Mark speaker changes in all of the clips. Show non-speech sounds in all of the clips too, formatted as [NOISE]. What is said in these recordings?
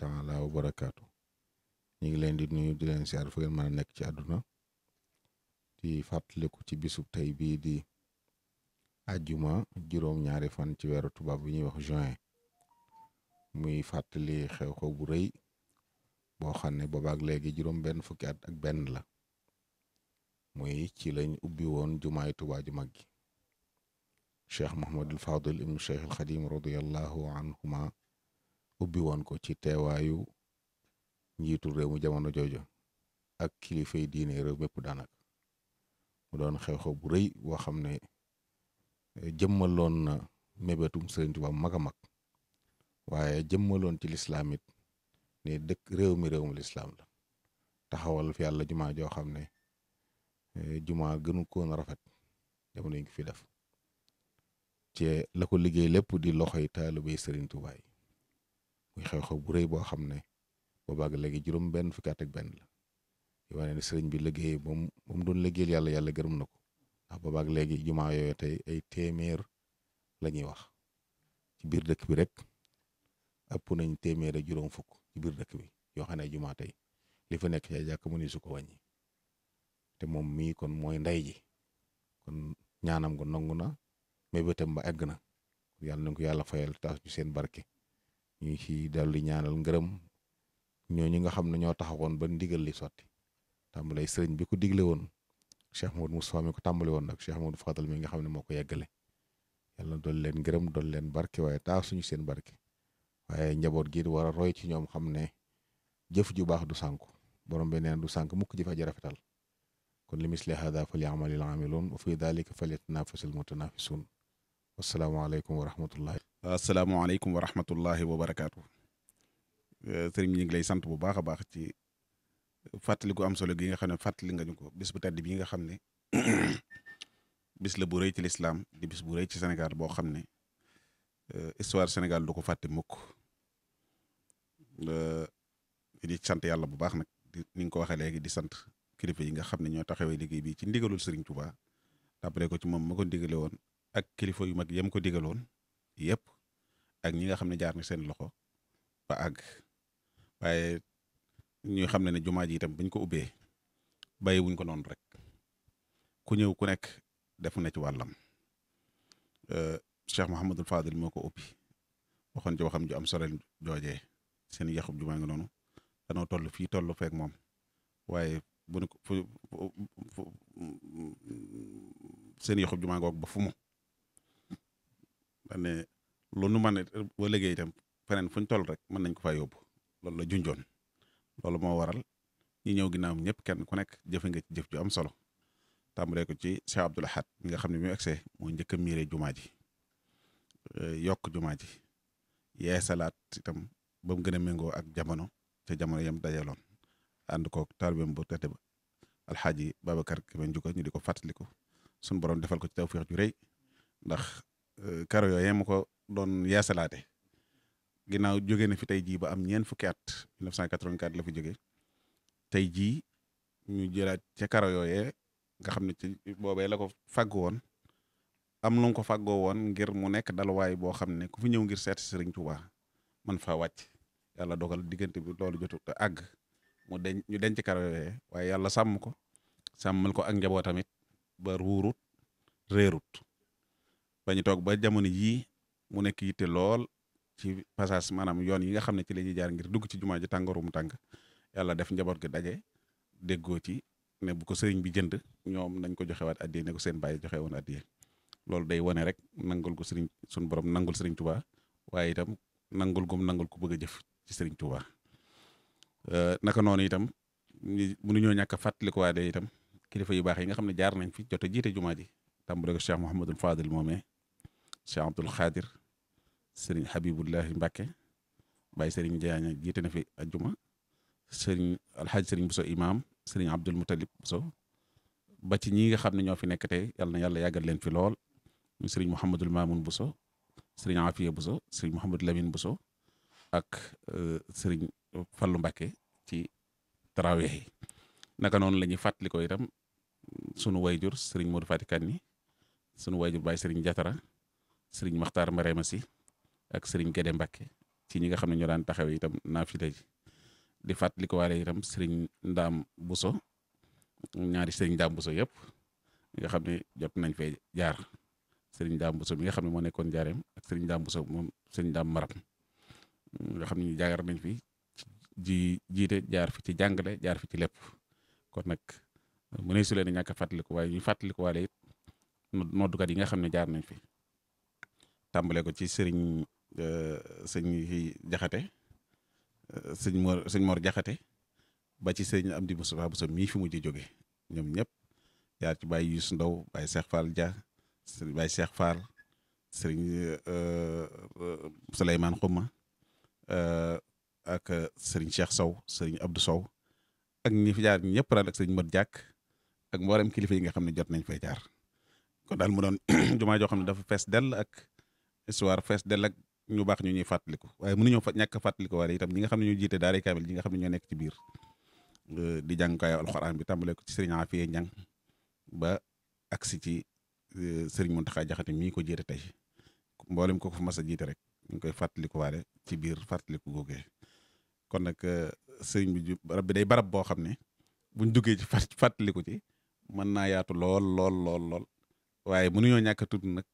Speaker 1: taala wa barakaatu ñu ngi leen di nuyu di leen siyaar fu ngeen mën a nekk ci àdduna di fàttaliku ci bisub tey bii di ajjuma juróom-ñaari fan ci weeru tubaab bi ñuy wax juin muy fàttali xew-xew bu rëy boo xam ne boobaak léegi juróom benn fukki at ak benn la muy ci lañ ubbi woon jumaay Tuubaa ju mag gi cheikh Mohamadul Fadil ibnu cheikh al Xadim radiallahu anhuma ubbi woon ko ci teewaayu njiitu réew mu jamono jooju ak kilifay diine réew mépp daanaka mu doon xew-xew bu rëy boo xam ne eh, jëmmaloon na mébétum Sëriñ Tuubaa mag a mag waaye jëmmaloon ci lislamit it dëkk réew mi réew mu lislaam la taxawal fi yàlla jumaa joo xam ne eh, jumaa gënu koon rafet jamono yi ngi fi def ci la ko liggéey lépp di loxoy taalibey Sëriñ Tuubaa yi muy xew-xew bu rëy boo xam ne boobaag léegi juróom benn fukki at benn la yu wane ne sëriñ bi liggéey moom moom doon liggéeyal yàlla yàlla gërëm na ko ndax boobaag léegi jumaa yooyu tey ay téeméer lañuy wax ci biir dëkk bi rek ëpp nañ téeméer ak biir dëkk bi yoo xam ne jumaa tey li fa nekk ci ay jàkk mëni su te moom mi kon mooy ndey ji kon ñaanam ko nangu na mébétam ba egg na yàlla na ko yàlla fayal taas ñu seen barke ñu ci dal di ñaanal ngërëm ñooñu nga xam ne ñoo taxawoon ba ndigal li sotti tàmbalay sëriñ bi ko digle woon Cheikh Modou Moustapha mi ko tàmbali woon ak Cheikh Modou Fadal mi nga xam ne moo ko yeggale yàlla doon leen ngërëm doon leen barke waaye taa suñu seen barke waaye njaboot gi war a roy ci ñoom xam ne jëf ju baax du sànku borom bi nee na du sànk mukk jëf aja rafetal kon li misli hada falyamalil aamiluun wa fi dalika falyatanafasil mutanafisun wassalaamu aleykum wa rahmatullahi
Speaker 2: asalaamaaleykum wa rahmatullahi wa barakaatu euh, sëriñ ñu ngi lay sant bu baax a baax ci fàttali gu am solo gi nga xam ne fàttali nga ñu ko bis bu tedd yi nga xam ne [CLEARS THROAT] bis la bu rëy ci lislaam di bis bu rëy ci senegal boo xam ne euh, histoire senegal du ko fàtte mukk euh, di sant yàlla bu baax nag di ni nga ko waxee léegi di sant kilifa yi nga xam ne ñoo taxawee liggéey bi ci ndigalul sëriñ Touba. tàppale ko ci moom ma ko digale woon ak kilifa yu mag yam ko digaloon yépp ak ñi nga xam ne jaar na seen loxo ba àgg waaye ñu xam ne ne jumaa ji itam buñ ko ubbee bàyyi wuñ ko noonu rek ku ñëw ku nekk def na ci wàllam Cheikh Mouhamadul Fadil moo ko ubbi waxam ju am solo joojee seen yaxub jumaa ngi noonu danoo toll fii toll feek moom waaye bu nu ko seen yaxub jumaa ngoog ba fu daan ne lu nu mën a boo liggéey itam feneen fu ñu toll rek mën nañ ko fa yóbbu loolu la junjoon loolu moo waral ñi ñëw ginnaawam ñëpp kenn ku nekk jëfe nga ci jëf ju am solo tàmbalee ko ci Cheikh Abdoul mi nga xam ne bi mu egsee moo njëkk a miire jumaa ji euh, yokk jumaa ji yeesalaat itam ba mu gën a méngoo ak jamono te jamono yam dajaloon ànd ko taalibeem bu tete ba alxaaji ke Kébé Ndiouga ñu di ko fàttaliku suñu borom defal ko ci tawfeex ju rëy ndax Euh, karo yooyee mu ko doon yasalaate ginnaaw jóge na fi tey jii ba am ñeent fukki at 1984 la fi jóge tey jii ñu jëlaat ca karo yooyee nga xam ne ci boobee la ko fàgg woon am lu ko fàggoo woon ngir mu nekk dalwaay boo xam ne ku fi ñëw ngir seet si Sëriñ Tuubaa man fa wàcc yàlla dogal diggante bi loolu jotut a àgg mu denc ñu denc karo yooyee waaye yàlla sàmm ko sàmmal ko ak njabootamit ba ruurut réerut dañu toog ba jamono yii mu nekk yitte lool ci passage maanaam yoon yi nga xam ne ci la ñuy jaar ngir dugg ci jumaa ji tàngoorum tàng yàlla def njaboot gi daje déggoo ci ne bu ko sëriñ bi jënd ñoom nañ ko joxe waat addiye ne ko seen baay joxe woon addiye lool day wone rek nangul ko sëriñ suñu borom nangul sëriñ Tuubaa waaye itam nangul gum nangul ku bëgg a jëf ci sëriñ Tuubaa euh, naka noonu itam mënuñoo ñàkk a fàttalikuwaatee itam kilifa yu baax yi nga xam ne jaar nañ fi jot a jiite jumaa ji tàmbale ko Cheikh Mouhamadul Fadil moomee Cheikh Abdoul Khadir sëriñ Habibullahi Mbacke Baye sëriñ Diagne jiite na fi ajjuma sëriñ Alhaji sëriñ Bousso Imaam sëriñ Abdoul Moutalib Bousso ba ci ñi nga xam ne ñoo fi nekk tey yal na yàggal leen fi lool muy sëriñ Mouhamadul Mamoun Bousso sëriñ Afiya Bousso sëriñ Mouhamadul Lamine Bousso ak euh, sëriñ Fallou Mbacke ci taraweex yi naka noonu la ñuy fàttali ko itam sunu wayjur sëriñ Modou Fatickane ni sunu wayjur Baye sëriñ Jatara sëriñ Maxtaar Marema si ak sëriñ Gede mbake ci ñi nga xam ne ñoo daan taxaw itam naafila ji di fàttali ko waale itam sëriñ Ndaam Buso ñaari sëriñ Ndaam Buso yëpp nga xam ne jot nañ fe jaar sëriñ Ndaam Buso mi nga xam ne moo nekkoon jaareem sëriñ Ndaam Buso moom sëriñ Ndaam Maram nga xam ne jaagar nañ fi ji jiite jaar fi ci jàngale jaar fi ci lépp kon nag mu ne su leen ñàkk a fàttali ko waaye ñu fàttali ko waale it noddukat yi nga xam ne jaar nañ fi tàmbale ko ci sëriñ euh, sëñ jaxate euh, sëñ Mor sëñ Mor jaxate ba ci sëriñ Amdi Moustapha Bousso mii fi mujj jóge ñoom ñëpp yaar ci Baye Youssou Ndaw Baye Cheikh Fall Dia Baye Cheikh Fall sëriñ euh, Souleymane Xuma ak sëriñ Cheikh Sow sëriñ Abdou Sow ak ñi fi jaar ñëpp daal ak sëriñ Mat Jàkk ak mboolem kilifa yi nga xam ne jot nañ fay jaar kon daal mu doon [CLEARS THROAT] jumaa joo xam ne dafa fees dell ak histoire fees dell ak ñu baax ñu ñuy fàttaliku waaye mënuñoo fa ñàkk fàttaliku waaye itam ñi nga xam ne ñoo jiite daara kaamil ñi nga xam ne ñoo nekk ci biir euh, di jàngkaayu alxuraan bi tàmbale ko ci sëriñ Afiye Ñang ba agsi ci euh, sëriñ Muntaxa Jaxate mii ko jiite tey mboolem ko fa mas a jiite rek ñu ngi koy fàttaliku waale ci biir fàttaliku googee kon nag euh, sëriñ bi barab bi day barab boo xam ne buñ jugee ci fàttaliku ci mën naa yaatu lool lool lool lool waaye mënuñoo ñàkk tudd nag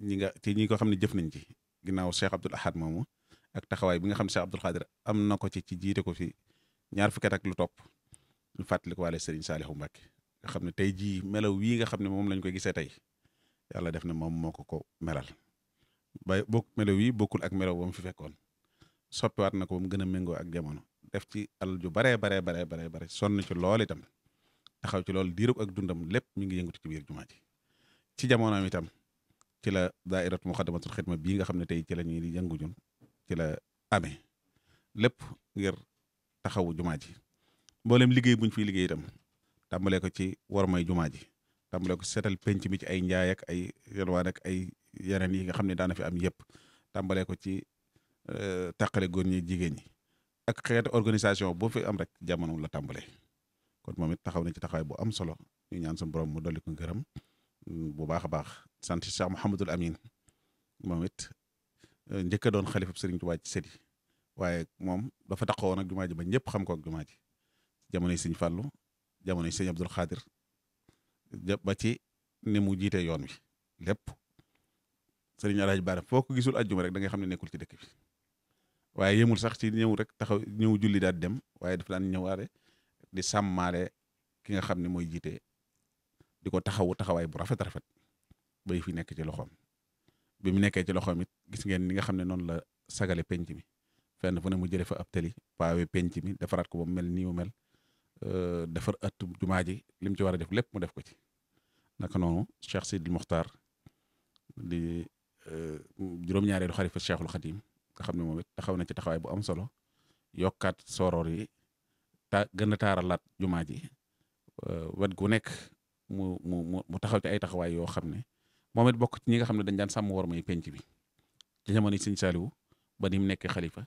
Speaker 2: ñi nga ci ñi ko xam ne jëf nañ ci ginnaaw Cheikh Abdoul Ahad moomu ak taxawaay bi nga xam ne Cheikh Abdoul Khadir am na ko ci ci jiite ko fi ñaar fukki ak lu topp ñu fàttali ko waale Serigne Saliou Mbacké nga xam ne tey jii melaw wii nga xam ne moom lañ koy gisee tey yàlla def na moom moo ko ko melal bay bokk melew yi bokkul ak melaw ba mu fi fekkoon soppiwaat na ko ba mu gën a méngoo ak jamono def ci alal ju baree baree baree baree bare sonn ci lool itam taxaw ci loolu diirug ak dundam lépp mi ngi yëngatu ci biir jumaa ji ci jamonoom itam ci la daairatu muxaddamatul xidma bii nga xam ne tey ci la ñuy yëngu ñun ci la amee lépp ngir taxawu jumaa ji mboolem liggéey buñ fiy liggéey itam tàmbalee ko ci warmay jumaa ji tàmbalee ko seetal penc mi ci ay njaay ay yelwaan ak ay yeneen yi nga xam ne daana fi am yëpp tàmbalee ko ci euh, tàqale góor ñi jigéen ñi ak xeetu organisation boo fi am rek jamono la tàmbalee kon moom it taxaw na ci taxawaay bu am solo ñu ñaan suñu borom mu dolli ko ngërëm bu baax a baax sant Cheikh Mouhamadul Amin moom it euh, njëkk a doon xalifab Sëriñ Tuubaa ci sëdi waaye moom dafa taxawoon ak jumaa ji ba ñëpp xam ko ak jumaa ji jamonoy Sëñ Fàllu jamonoy Sëñ Abdul ci ni mu jiitee yoon wi lépp Sëriñ Alaaji Baara foo ko gisul ajjuma rek da ngay xam ne nekkul ci dëkk bi waaye yëmul sax ci ñëw rek taxaw ñëw julli daal dem waaye dafa daan ñëwaare di sàmmaale ki nga xam ne mooy jiite di ko taxawu taxawaay bu rafet rafet bay fi nekk ci loxoom bi mu nekkee ci loxoomit gis ngeen ni nga xam ne noonu la sagale penc mi fenn fu ne mu jëlee fa ab tali paawe penc mi defaraat ko ba mu mel nii mu mel euh, defar ëtt jumaa ji li mu ci war a def lépp mu def ko ci naka noonu Cheikh Sidil Mokhtar di euh, juróom-ñaareelu xalifa Cheikhul Khadim nga xam ne moom it taxaw na ci taxawaay bu am solo yokkaat soroor yi ta gën a taaralaat jumaa ji euh, wet gu nekk mu mu mu taxaw ci ay taxawaay yoo xam ne moom bokk ci ñi nga xam ne dañ daan sàmm war may penc bi ci jamono Sëñ Saaliwu ba ni mu nekk xalifa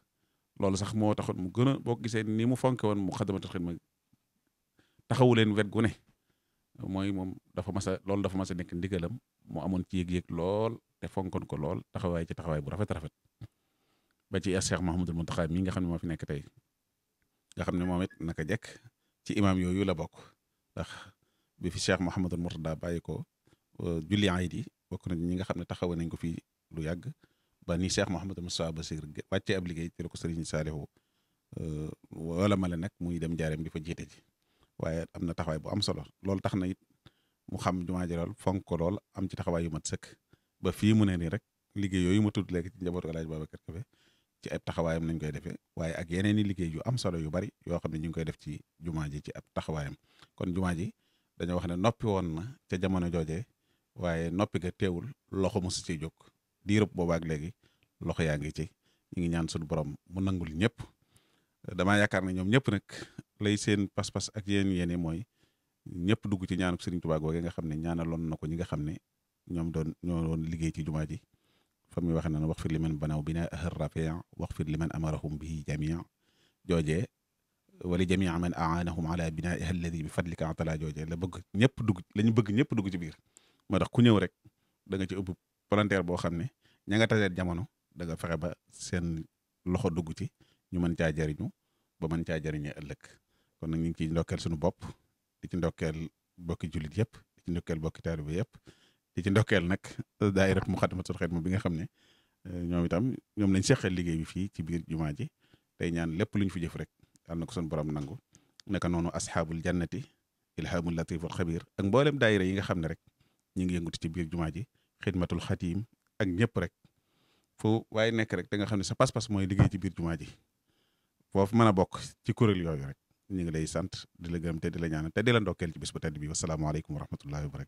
Speaker 2: loolu sax moo taxoon mu gën a boo gisee ni mu fonke woon mu xadamatul xidma taxawu leen wet gu ne moom dafa mas a loolu dafa mas a nekk ndigalam mu amoon ci yëg lool te fonkoon ko lool taxawaay ci taxawaay bu rafet rafet ba ci Cheikh Mahamadul Muntaxa mi nga xam ne moo fi nekk tey nga xam ne moom it naka jekk ci imam yooyu la bokk ndax bi fi Cheikh Mouhamadul Mourtada bàyyi ko euh, julli ayit yi bokk nañ ñi nga xam ne taxawa nañ ko fi lu yàgg ba ni Cheikh Mouhamadul Moustapha Bassir wàccee ab liggéey ci la ko Serigne Saliou euh, wala male nag muy dem jaareem di fa jiite ji waaye am na taxawaay bu am solo loolu tax na it mu xam jumaa ji lool fonk ko lool am ci taxawaay yu mat sëkk ba fii mu ne nii rek liggéey yooyu ma tudd léegi ci njabootu El Hadj Babacar Kébé ci ab taxawaayam nañ koy defee waaye ak yeneen i liggéey yu am solo yu bari yoo xam ne ñu ngi koy def ci jumaa ji ci ab taxawaayam dañoo wax ne noppi woon na ca jamono jooje waaye noppi ka teewul loxo mosu ciy jóg diirub boobaak léegi loxo yaa ngi ci ñu ngi ñaan suñu borom mu nangul ñëpp damaa yaakaar ne ñoom ñëpp nag lay seen pas-pas ak yéen yéen mooy ñëpp dugg ci ñaanuk Serigne Touba googe nga xam ne ñaanaloon na ko ñi nga xam ne ñoom doon ñoo doon liggéey ci jumaa ji fa muy wax na wax fir li man banaw bina ahër rafian wax fir li man amarahum bihi jamian joojee wali jamia man aanahum ala binaiha alladi bi fadlika atala jooje la bëgg ñëpp dugg lañu bëgg ñëpp dugg ci biir ma tax ku ñëw rek da nga ci ëpp palanteer boo xam ne ña nga taseet jamono da nga fexe ba seen loxo dugg ci ñu mën caa jariñu ba mën caa jariñee ëllëg kon nag ñu ngi ciy ndokkeel suñu bopp di ci ndokel bokki jullit yëpp di ci ndokkeel bokki taalibe yëpp di ci ndokkeel nag ma Muxaddamatul Xidma bi nga xam ne eh, ñoom itam ñoom lañ seqal liggéey bi fii ci biir jumaa ji tey ñaan lépp luñ fi jëf rek yàlla na ko suñu borom nangu naka noonu asxaabul jannati ilhaamul latiful xabir ak mboolem daayira yi nga xam ne rek ñu ngi yëngutu ci biir jumaa ji xidmatul xatiim ak ñëpp rek fu waaye nekk rek da nga xam ne sa pas-pas mooy liggéey ci biir jumaa ji foofu mën a bokk ci kuréel yooyu rek ñu ngi lay sant di la gërëm te la ñaanal te di la ndokkeel ci bis bu tedd bi wasalaamaaleykum wa rahmatullahi wa barakatu